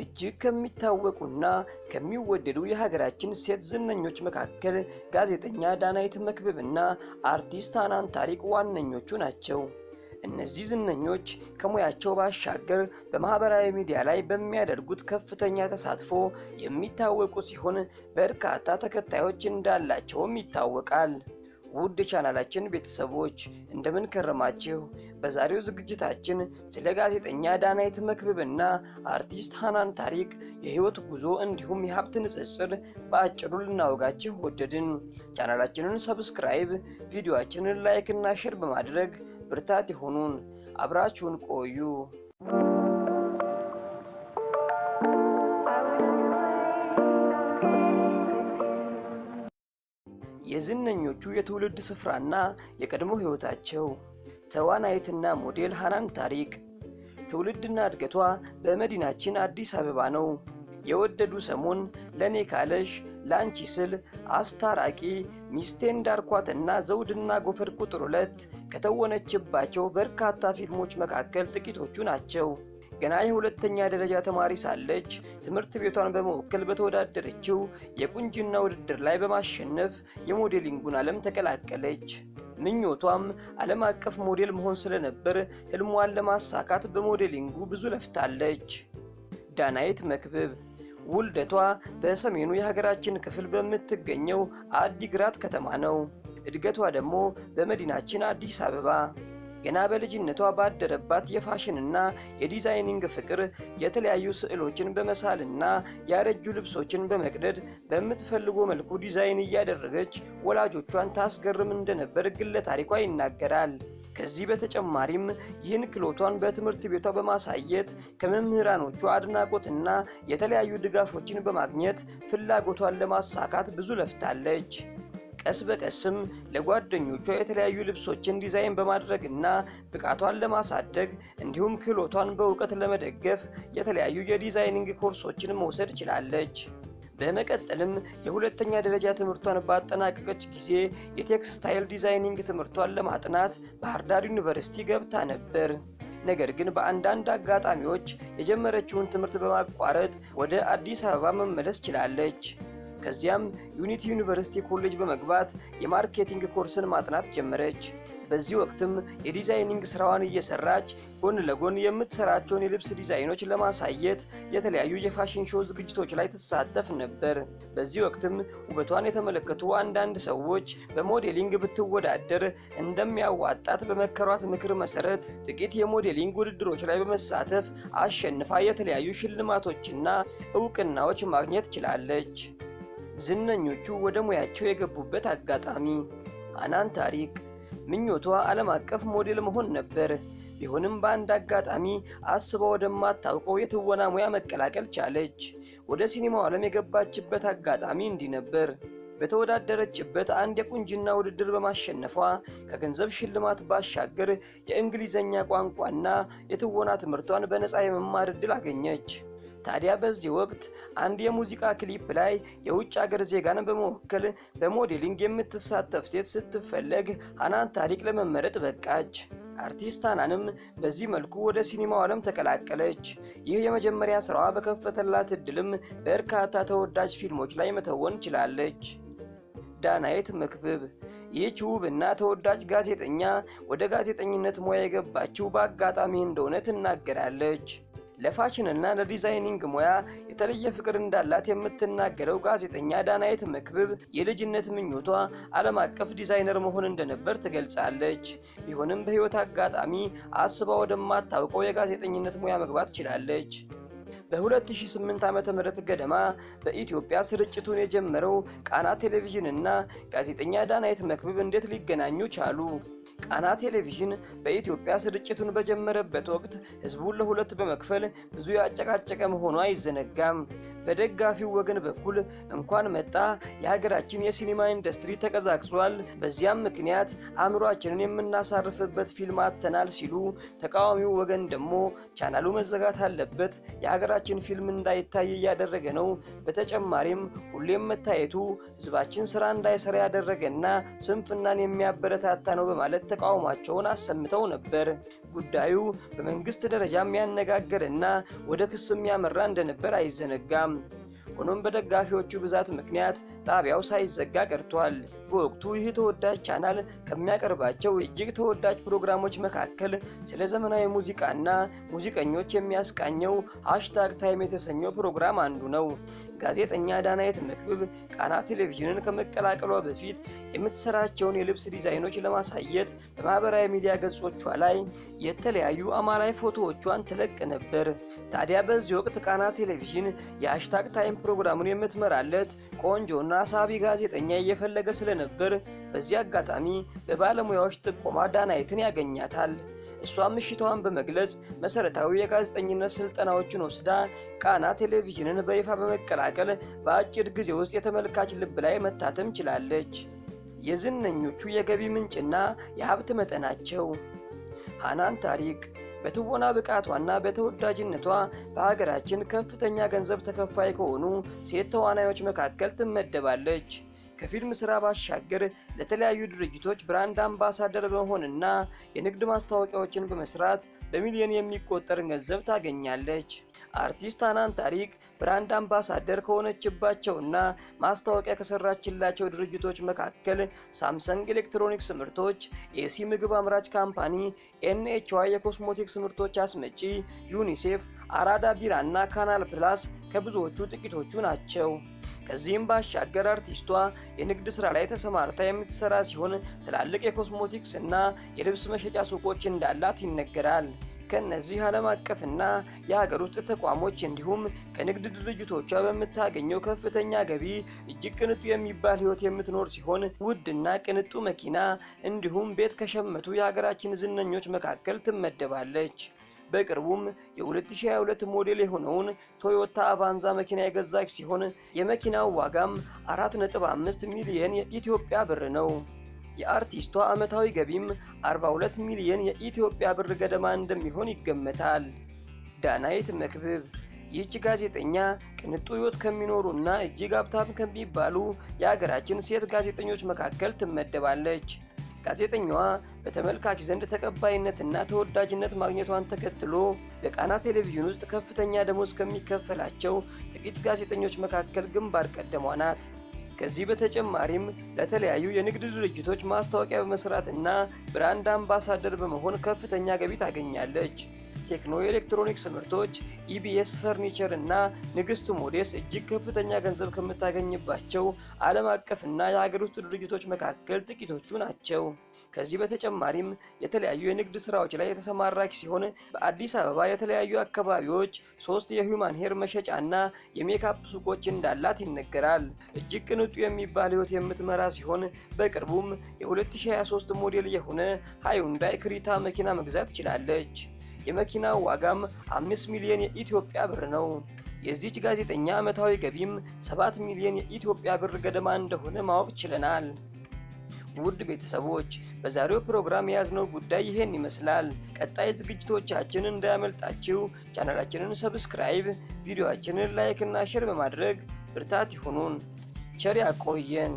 እጅግ ከሚታወቁና ከሚወደዱ የሀገራችን ሴት ዝነኞች መካከል ጋዜጠኛ ዳናይት መክብብና አርቲስት አናን ታሪክ ዋነኞቹ ናቸው። እነዚህ ዝነኞች ከሙያቸው ባሻገር በማህበራዊ ሚዲያ ላይ በሚያደርጉት ከፍተኛ ተሳትፎ የሚታወቁ ሲሆን በርካታ ተከታዮች እንዳላቸውም ይታወቃል። ውድ ቻናላችን ቤተሰቦች እንደምን ከረማችሁ? በዛሬው ዝግጅታችን ስለ ጋዜጠኛ ዳናይት መክብብና አርቲስት ሃናን ታሪክ የህይወት ጉዞ እንዲሁም የሀብት ንጽጽር በአጭሩ ልናወጋችሁ ወደድን። ቻናላችንን ሰብስክራይብ፣ ቪዲዮችንን ላይክ እና ሼር በማድረግ ብርታት ይሆኑን። አብራችሁን ቆዩ። የዝነኞቹ የትውልድ ስፍራና የቀድሞ ሕይወታቸው፣ ተዋናይትና ሞዴል ሃናን ታሪክ፣ ትውልድና እድገቷ በመዲናችን አዲስ አበባ ነው። የወደዱ ሰሞን ለእኔ ካለሽ ለአንቺ ስል አስታራቂ ሚስቴን ዳርኳትና ዘውድና ጎፈር ቁጥር ሁለት ከተወነችባቸው በርካታ ፊልሞች መካከል ጥቂቶቹ ናቸው። ገና የሁለተኛ ደረጃ ተማሪ ሳለች ትምህርት ቤቷን በመወከል በተወዳደረችው የቁንጅና ውድድር ላይ በማሸነፍ የሞዴሊንጉን ዓለም ተቀላቀለች። ምኞቷም ዓለም አቀፍ ሞዴል መሆን ስለነበር ህልሟን ለማሳካት በሞዴሊንጉ ብዙ ለፍታለች። ዳናይት መክብብ ውልደቷ በሰሜኑ የሀገራችን ክፍል በምትገኘው አዲግራት ከተማ ነው። እድገቷ ደግሞ በመዲናችን አዲስ አበባ ገና በልጅነቷ ባደረባት የፋሽንና የዲዛይኒንግ ፍቅር የተለያዩ ስዕሎችን በመሳልና ያረጁ ልብሶችን በመቅደድ በምትፈልጎ መልኩ ዲዛይን እያደረገች ወላጆቿን ታስገርም እንደነበር ግለ ታሪኳ ይናገራል። ከዚህ በተጨማሪም ይህን ክህሎቷን በትምህርት ቤቷ በማሳየት ከመምህራኖቹ አድናቆትና የተለያዩ ድጋፎችን በማግኘት ፍላጎቷን ለማሳካት ብዙ ለፍታለች። ቀስ በቀስም ለጓደኞቿ የተለያዩ ልብሶችን ዲዛይን በማድረግ እና ብቃቷን ለማሳደግ እንዲሁም ክህሎቷን በእውቀት ለመደገፍ የተለያዩ የዲዛይኒንግ ኮርሶችን መውሰድ ችላለች። በመቀጠልም የሁለተኛ ደረጃ ትምህርቷን ባጠናቀቀች ጊዜ የቴክስታይል ዲዛይኒንግ ትምህርቷን ለማጥናት ባህር ዳር ዩኒቨርሲቲ ገብታ ነበር። ነገር ግን በአንዳንድ አጋጣሚዎች የጀመረችውን ትምህርት በማቋረጥ ወደ አዲስ አበባ መመለስ ችላለች። ከዚያም ዩኒቲ ዩኒቨርሲቲ ኮሌጅ በመግባት የማርኬቲንግ ኮርስን ማጥናት ጀመረች። በዚህ ወቅትም የዲዛይኒንግ ስራዋን እየሰራች ጎን ለጎን የምትሰራቸውን የልብስ ዲዛይኖች ለማሳየት የተለያዩ የፋሽን ሾው ዝግጅቶች ላይ ትሳተፍ ነበር። በዚህ ወቅትም ውበቷን የተመለከቱ አንዳንድ ሰዎች በሞዴሊንግ ብትወዳደር እንደሚያዋጣት በመከሯት ምክር መሰረት ጥቂት የሞዴሊንግ ውድድሮች ላይ በመሳተፍ አሸንፋ የተለያዩ ሽልማቶችና እውቅናዎች ማግኘት ችላለች። ዝነኞቹ ወደ ሙያቸው የገቡበት አጋጣሚ አናን ታሪክ ምኞቷ ዓለም አቀፍ ሞዴል መሆን ነበር። ቢሆንም በአንድ አጋጣሚ አስባ ወደማታውቀው የትወና ሙያ መቀላቀል ቻለች። ወደ ሲኒማው ዓለም የገባችበት አጋጣሚ እንዲህ ነበር። በተወዳደረችበት አንድ የቁንጅና ውድድር በማሸነፏ ከገንዘብ ሽልማት ባሻገር የእንግሊዘኛ ቋንቋና የትወና ትምህርቷን በነፃ የመማር ዕድል አገኘች። ታዲያ በዚህ ወቅት አንድ የሙዚቃ ክሊፕ ላይ የውጭ ሀገር ዜጋን በመወከል በሞዴሊንግ የምትሳተፍ ሴት ስትፈለግ ሀናን ታሪክ ለመመረጥ በቃች። አርቲስት ሀናንም በዚህ መልኩ ወደ ሲኒማው ዓለም ተቀላቀለች። ይህ የመጀመሪያ ስራዋ በከፈተላት እድልም በርካታ ተወዳጅ ፊልሞች ላይ መተወን ችላለች። ዳናይት መክብብ ይህች እና ተወዳጅ ጋዜጠኛ ወደ ጋዜጠኝነት ሙያ የገባችው በአጋጣሚ እንደሆነ ትናገራለች። ለፋሽን እና ለዲዛይኒንግ ሙያ የተለየ ፍቅር እንዳላት የምትናገረው ጋዜጠኛ ዳናይት መክብብ የልጅነት ምኞቷ ዓለም አቀፍ ዲዛይነር መሆን እንደነበር ትገልጻለች። ቢሆንም በሕይወት አጋጣሚ አስባ ወደማታውቀው የጋዜጠኝነት ሙያ መግባት ችላለች። በ2008 ም ገደማ በኢትዮጵያ ስርጭቱን የጀመረው ቃና ቴሌቪዥን እና ጋዜጠኛ ዳናይት መክብብ እንዴት ሊገናኙ ቻሉ? ቃና ቴሌቪዥን በኢትዮጵያ ስርጭቱን በጀመረበት ወቅት ህዝቡን ለሁለት በመክፈል ብዙ ያጨቃጨቀ መሆኑ አይዘነጋም። በደጋፊው ወገን በኩል እንኳን መጣ የሀገራችን የሲኒማ ኢንዱስትሪ ተቀዛቅዟል፣ በዚያም ምክንያት አእምሯችንን የምናሳርፍበት ፊልም አተናል ሲሉ፣ ተቃዋሚው ወገን ደግሞ ቻናሉ መዘጋት አለበት፣ የሀገራችን ፊልም እንዳይታይ እያደረገ ነው። በተጨማሪም ሁሌም መታየቱ ህዝባችን ስራ እንዳይሰራ ያደረገና ስንፍናን የሚያበረታታ ነው በማለት ተቃውሟቸውን አሰምተው ነበር። ጉዳዩ በመንግስት ደረጃ ያነጋገረና ወደ ክስ የሚያመራ እንደነበር አይዘነጋም። ሆኖም በደጋፊዎቹ ብዛት ምክንያት ጣቢያው ሳይዘጋ ቀርቷል። በወቅቱ ይህ ተወዳጅ ቻናል ከሚያቀርባቸው እጅግ ተወዳጅ ፕሮግራሞች መካከል ስለ ዘመናዊ ሙዚቃና ሙዚቀኞች የሚያስቃኘው ሃሽታግ ታይም የተሰኘው ፕሮግራም አንዱ ነው። ጋዜጠኛ ዳናየት መክብብ ቃና ቴሌቪዥንን ከመቀላቀሏ በፊት የምትሰራቸውን የልብስ ዲዛይኖች ለማሳየት በማህበራዊ ሚዲያ ገጾቿ ላይ የተለያዩ አማላይ ፎቶዎቿን ትለቅ ነበር። ታዲያ በዚህ ወቅት ቃና ቴሌቪዥን የሃሽታግ ታይም ፕሮግራሙን የምትመራለት ቆንጆና ሳቢ ጋዜጠኛ እየፈለገ ስለ ስለነበር በዚህ አጋጣሚ በባለሙያዎች ጥቆማ ዳናይትን ያገኛታል። እሷም ምሽታዋን በመግለጽ መሰረታዊ የጋዜጠኝነት ስልጠናዎችን ወስዳ ቃና ቴሌቪዥንን በይፋ በመቀላቀል በአጭር ጊዜ ውስጥ የተመልካች ልብ ላይ መታተም ችላለች። የዝነኞቹ የገቢ ምንጭና የሀብት መጠናቸው ሃናን ታሪክ በትወና ብቃቷና በተወዳጅነቷ በሀገራችን ከፍተኛ ገንዘብ ተከፋይ ከሆኑ ሴት ተዋናዮች መካከል ትመደባለች። ከፊልም ስራ ባሻገር ለተለያዩ ድርጅቶች ብራንድ አምባሳደር በመሆንና የንግድ ማስታወቂያዎችን በመስራት በሚሊዮን የሚቆጠር ገንዘብ ታገኛለች። አርቲስት አናን ታሪክ ብራንድ አምባሳደር ከሆነችባቸውና ማስታወቂያ ከሰራችላቸው ድርጅቶች መካከል ሳምሰንግ ኤሌክትሮኒክስ ምርቶች፣ ኤሲ ምግብ አምራች ካምፓኒ፣ ኤንኤችዋይ የኮስሞቲክስ ምርቶች አስመጪ፣ ዩኒሴፍ፣ አራዳ ቢራ እና ካናል ፕላስ ከብዙዎቹ ጥቂቶቹ ናቸው። ከዚህም ባሻገር አርቲስቷ የንግድ ስራ ላይ ተሰማርታ የምትሰራ ሲሆን ትላልቅ የኮስሞቲክስ እና የልብስ መሸጫ ሱቆች እንዳላት ይነገራል። ከነዚህ ዓለም አቀፍና የሀገር ውስጥ ተቋሞች እንዲሁም ከንግድ ድርጅቶቿ በምታገኘው ከፍተኛ ገቢ እጅግ ቅንጡ የሚባል ህይወት የምትኖር ሲሆን ውድና ቅንጡ መኪና እንዲሁም ቤት ከሸመቱ የሀገራችን ዝነኞች መካከል ትመደባለች። በቅርቡም የ2022 ሞዴል የሆነውን ቶዮታ አቫንዛ መኪና የገዛች ሲሆን የመኪናው ዋጋም 4.5 ሚሊየን የኢትዮጵያ ብር ነው። የአርቲስቷ ዓመታዊ ገቢም 42 ሚሊየን የኢትዮጵያ ብር ገደማ እንደሚሆን ይገመታል። ዳናይት መክብብ ይህች ጋዜጠኛ ቅንጡ ሕይወት ከሚኖሩና እጅግ ሀብታም ከሚባሉ የሀገራችን ሴት ጋዜጠኞች መካከል ትመደባለች። ጋዜጠኛዋ በተመልካች ዘንድ ተቀባይነትና ተወዳጅነት ማግኘቷን ተከትሎ በቃና ቴሌቪዥን ውስጥ ከፍተኛ ደሞዝ ከሚከፈላቸው ጥቂት ጋዜጠኞች መካከል ግንባር ቀደሟ ናት። ከዚህ በተጨማሪም ለተለያዩ የንግድ ድርጅቶች ማስታወቂያ በመስራትና ብራንድ አምባሳደር በመሆን ከፍተኛ ገቢ ታገኛለች። ቴክኖ ኤሌክትሮኒክስ ምርቶች፣ ኢቢኤስ e ፈርኒቸር እና ንግስት ሞዴስ እጅግ ከፍተኛ ገንዘብ ከምታገኝባቸው ዓለም አቀፍና የሀገር ውስጥ ድርጅቶች መካከል ጥቂቶቹ ናቸው። ከዚህ በተጨማሪም የተለያዩ የንግድ ስራዎች ላይ የተሰማራች ሲሆን በአዲስ አበባ የተለያዩ አካባቢዎች ሶስት የሂውማን ሄር መሸጫና የሜካፕ ሱቆች እንዳላት ይነገራል። እጅግ ቅንጡ የሚባል ህይወት የምትመራ ሲሆን በቅርቡም የ2023 ሞዴል የሆነ ሃዩንዳይ ክሪታ መኪና መግዛት ትችላለች። የመኪናው ዋጋም 5 ሚሊዮን የኢትዮጵያ ብር ነው። የዚህች ጋዜጠኛ ዓመታዊ ገቢም 7 ሚሊዮን የኢትዮጵያ ብር ገደማ እንደሆነ ማወቅ ችለናል። ውድ ቤተሰቦች በዛሬው ፕሮግራም የያዝነው ጉዳይ ይሄን ይመስላል። ቀጣይ ዝግጅቶቻችን እንዳያመልጣችሁ ቻናላችንን ሰብስክራይብ፣ ቪዲዮአችንን ላይክ እና ሼር በማድረግ ብርታት ይሁኑን። ቸር ያቆየን።